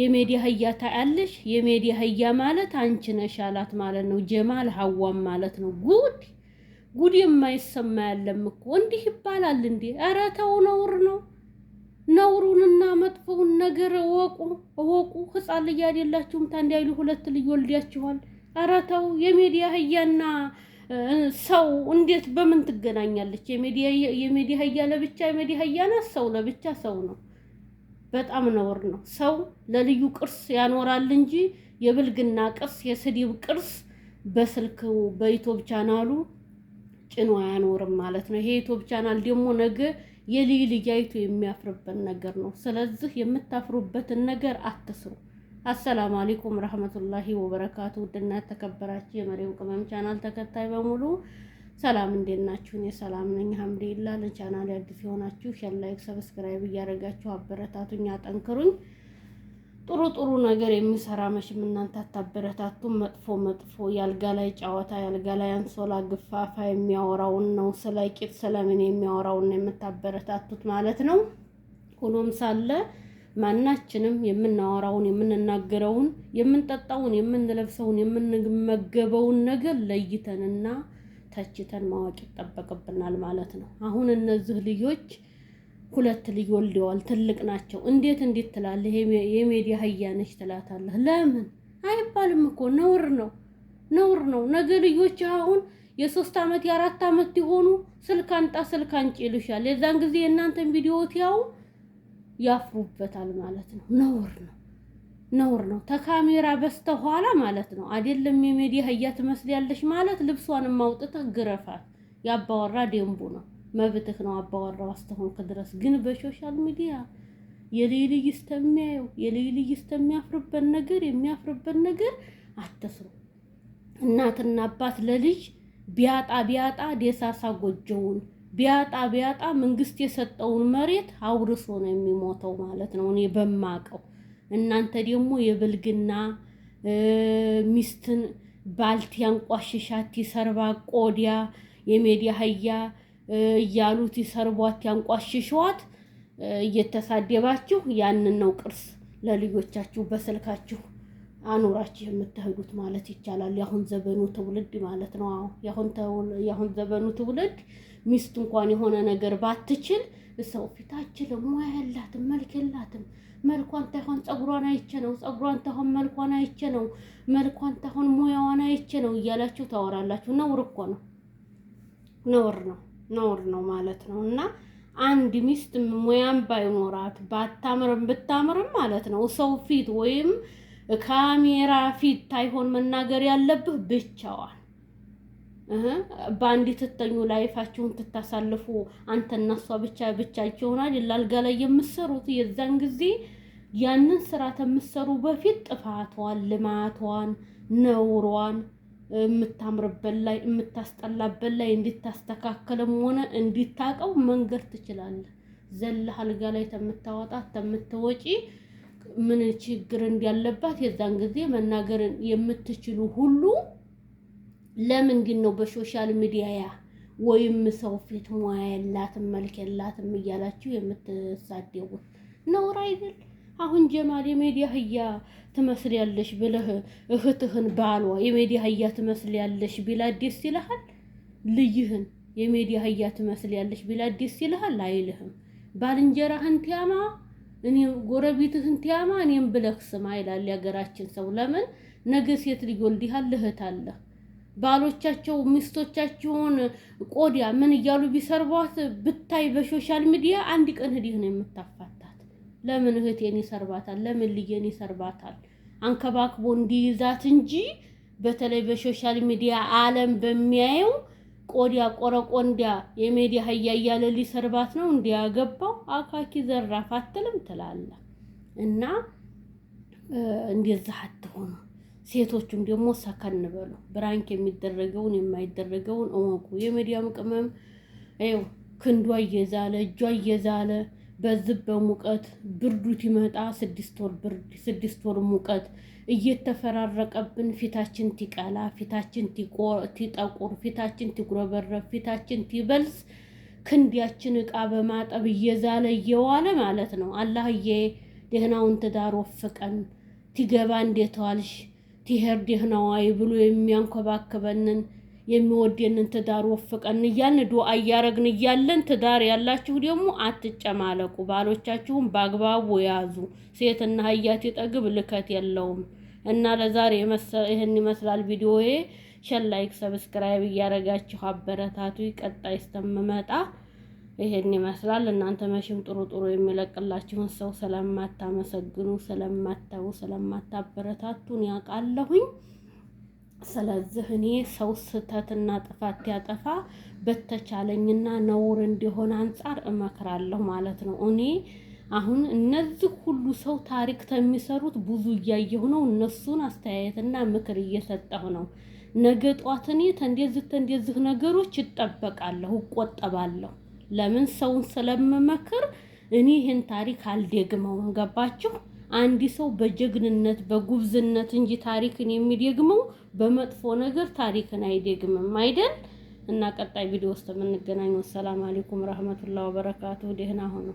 የሜዲ አህያ ታያለሽ፣ የሜዲ አህያ ማለት አንቺ ነሽ አላት ማለት ነው። ጀማል ሀዋም ማለት ነው። ጉድ ጉድ የማይሰማ ያለም እኮ እንዲህ ይባላል እንዴ? ኧረ ተው፣ ነውር ነው። ነውሩንና መጥፎውን ነገር እወቁ እወቁ። ህፃን ልጅ አይደላችሁም። አይሉ ሁለት ልጅ ወልዲያችኋል። ኧረ ተው። የሜዲ አህያና ሰው እንዴት በምን ትገናኛለች? የሜዲ አህያ ለብቻ የሜዲ አህያ ናት፣ ሰው ለብቻ ሰው ነው። በጣም ነውር ነው። ሰው ለልዩ ቅርስ ያኖራል እንጂ የብልግና ቅርስ፣ የስድብ ቅርስ በስልክ በዩቲዩብ ቻናሉ ጭኖ አያኖርም ማለት ነው። ይሄ ዩቲዩብ ቻናል ደግሞ ነገ የልዩ ልጃይቱ የሚያፍርበት ነገር ነው። ስለዚህ የምታፍሩበትን ነገር አትስሩ። አሰላሙ አለይኩም ረህመቱላሂ ወበረካቱ። ውድና ተከበራችሁ የመሪው ቅመም ቻናል ተከታይ በሙሉ ሰላም እንዴት ናችሁ? እኔ ሰላም ነኝ፣ አልሐምዱሊላ። ለቻናል አዲስ የሆናችሁ ሼር፣ ላይክ፣ ሰብስክራይብ እያደረጋችሁ አበረታቱኝ፣ አጠንክሩኝ። ጥሩ ጥሩ ነገር የሚሰራ መቼም እናንተ አታበረታቱ። መጥፎ መጥፎ ያልጋ ላይ ጨዋታ፣ ያልጋ ላይ አንሶላ ግፋፋ የሚያወራውን ነው ስለ ቂጥ ስለምን የሚያወራውን ነው የምታበረታቱት ማለት ነው። ሁኖም ሳለ ማናችንም የምናወራውን የምንናገረውን፣ የምንጠጣውን፣ የምንለብሰውን፣ የምንመገበውን ነገር ለይተንና ተችተን ማወቅ ይጠበቅብናል ማለት ነው። አሁን እነዚህ ልጆች ሁለት ልጅ ወልደዋል፣ ትልቅ ናቸው። እንዴት እንዴት ትላለህ? የሜዲያ አህያ ነች ትላታለህ። ለምን አይባልም እኮ ነውር ነው፣ ነውር ነው። ነገ ልጆች አሁን የሶስት ዓመት የአራት ዓመት ሲሆኑ ስልክ አንጣ ስልክ አንጭ ይሉሻል። የዛን ጊዜ የእናንተን ቪዲዮ ያው ያፍሩበታል ማለት ነው። ነውር ነው። ነውር ነው። ተካሜራ በስተኋላ ማለት ነው አይደለም የሚዲያ አህያ ትመስያለሽ ማለት ልብሷን አውጥተህ ግረፋት። ያባወራ ደንቡ ነው፣ መብትህ ነው። አባወራው አስተሆንክ ድረስ ግን በሶሻል ሚዲያ የልዩ ልይ እስተሚያየው የልይ ነገር የሚያፍርበት ነገር አትስሩ። እናትና አባት ለልጅ ቢያጣ ቢያጣ ደሳሳ ጎጆውን ቢያጣ ቢያጣ መንግስት የሰጠውን መሬት አውርሶ ነው የሚሞተው ማለት ነው እኔ በማቀው እናንተ ደግሞ የብልግና ሚስትን ባልት ያንቋሽሻት ይሰርባ ቆዲያ የሜዳ አህያ እያሉት ይሰርቧት ያንቋሽሸዋት እየተሳደባችሁ ያንን ነው ቅርስ ለልጆቻችሁ በስልካችሁ አኑራችሁ የምትሄዱት ማለት ይቻላል። የአሁን ዘበኑ ትውልድ ማለት ነው። የአሁን ዘበኑ ትውልድ ሚስት እንኳን የሆነ ነገር ባትችል ሰው ፊት አችልም፣ ሙያ የላትም፣ መልክ የላትም። መልኳን ታይሆን ፀጉሯን አይቼ ነው፣ ፀጉሯን ታይሆን መልኳን አይቼ ነው፣ መልኳን ታይሆን ሙያዋን አይቼ ነው እያላችሁ ታወራላችሁ። ነውር እኮ ነው፣ ነውር ነው፣ ነውር ነው ማለት ነው። እና አንድ ሚስት ሙያም ባይኖራት ባታምርም ብታምርም ማለት ነው ሰው ፊት ወይም ካሜራ ፊት ታይሆን መናገር ያለብህ ብቻዋን በአንድ ትተኙ ላይፋችሁን ትታሳልፉ አንተና እሷ ብቻ ብቻችሁን ይሆናል ላልጋ ላይ የምሰሩት የዛን ጊዜ ያንን ስራ ተምሰሩ በፊት ጥፋቷን፣ ልማቷን፣ ነውሯን የምታምርበት ላይ የምታስጠላበት ላይ እንዲታስተካከልም ሆነ እንዲታቀው መንገድ ትችላለህ። ዘለህ አልጋ ላይ ተምታወጣት ተምትወጪ ምን ችግር እንዳለባት የዛን ጊዜ መናገር የምትችሉ ሁሉ ለምን ግን ነው በሶሻል ሚዲያ ያ ወይም ሰው ፊት ሙያ የላትም መልክ የላትም እያላችሁ የምትሳደቡት? ነውር አይደል? አሁን ጀማል የሜዲያ አህያ ትመስልያለሽ ብለህ እህትህን ባሏ የሜዲያ አህያ ትመስልያለሽ ቢላ ደስ ይልሃል? ልይህን የሜዲያ አህያ ትመስልያለሽ ቢላ ደስ ይልሃል? አይልህም። ባልንጀራህን ቲያማ እኔ ጎረቤትህን ቲያማ እኔም ብለህ ስማ ይላል የሀገራችን ሰው። ለምን ነገ ሴት ልጅ ወልዲሃል፣ እህት አለህ ባሎቻቸው ሚስቶቻቸውን ቆዳ ምን እያሉ ቢሰርቧት ብታይ በሶሻል ሚዲያ አንድ ቀን ህዲህ ነው የምታፋታት። ለምን እህቴን ይሰርባታል? ለምን ልየን ይሰርባታል? አንከባክቦ እንዲይዛት እንጂ በተለይ በሶሻል ሚዲያ አለም በሚያየው ቆዳ ቆረቆንዲያ የሜዲያ አህያ እያለ ሊሰርባት ነው እንዲያገባው አካኪ ዘራፍ አትልም ትላለ እና እንደዛ አትሆኑ። ሴቶቹም ደግሞ ሰከን በሉ። ብራንክ የሚደረገውን የማይደረገውን እወቁ። የሚዲያም ቅመም ይኸው ክንዷ እየዛለ እጇ እየዛለ በዝብ በሙቀት ብርዱ ቲመጣ ስድስት ወር ብርድ ስድስት ወር ሙቀት እየተፈራረቀብን ፊታችን ቲቀላ ፊታችን ቲጠቁር ፊታችን ቲጉረበረብ ፊታችን ቲበልስ ክንዲያችን እቃ በማጠብ እየዛለ እየዋለ ማለት ነው። አላህዬ ደህናውን ትዳር ወፍቀን ቲገባ እንዴት ዋልሽ? ትሄር ደህናዋይ ብሎ የሚያንከባክበንን የሚወደንን ትዳር ወፍቀን እያልን ዱአ እያረግን እያለን ትዳር ያላችሁ ደግሞ አትጨማለቁ፣ ባሎቻችሁን በአግባቡ ያዙ። ሴትና ሀያት ይጠግብ ልከት የለውም እና ለዛሬ ይህን ይመስላል ቪዲዮዬ። ሸን ላይክ ሰብስክራይብ እያረጋችሁ አበረታቱ። ቀጣይ እስከምመጣ ይሄን ይመስላል። እናንተ መቼም ጥሩ ጥሩ የሚለቅላችሁን ሰው ስለማታመሰግኑ፣ ስለማታው፣ ስለማታበረታቱን ያውቃለሁኝ። ስለዚህ እኔ ሰው ስህተትና ጥፋት ያጠፋ በተቻለኝና ነውር እንዲሆን አንጻር እመክራለሁ ማለት ነው። እኔ አሁን እነዚህ ሁሉ ሰው ታሪክ ተሚሰሩት ብዙ እያየሁ ነው። እነሱን አስተያየትና ምክር እየሰጠሁ ነው። ነገ ጧት እኔ ተንደዝህ ተንደዝህ ነገሮች ይጠበቃለሁ፣ እቆጠባለሁ። ለምን ሰውን ስለምመክር እኔ ይህን ታሪክ አልደግመውም። ገባችሁ? አንድ ሰው በጀግንነት በጉብዝነት እንጂ ታሪክን የሚደግመው በመጥፎ ነገር ታሪክን አይደግምም አይደል? እና ቀጣይ ቪዲዮ ውስጥ የምንገናኘው። ሰላም አለይኩም ረህመቱላህ ወበረካቱ። ደህና ሁኑ።